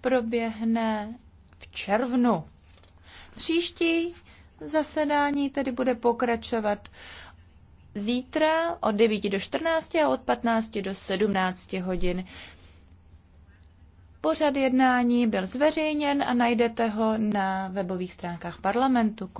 proběhne v červnu. Příští zasedání tedy bude pokračovat zítra od 9 do 14 a od 15 do 17 hodin. Pořad jednání byl zveřejněn a najdete ho na webových stránkách parlamentu.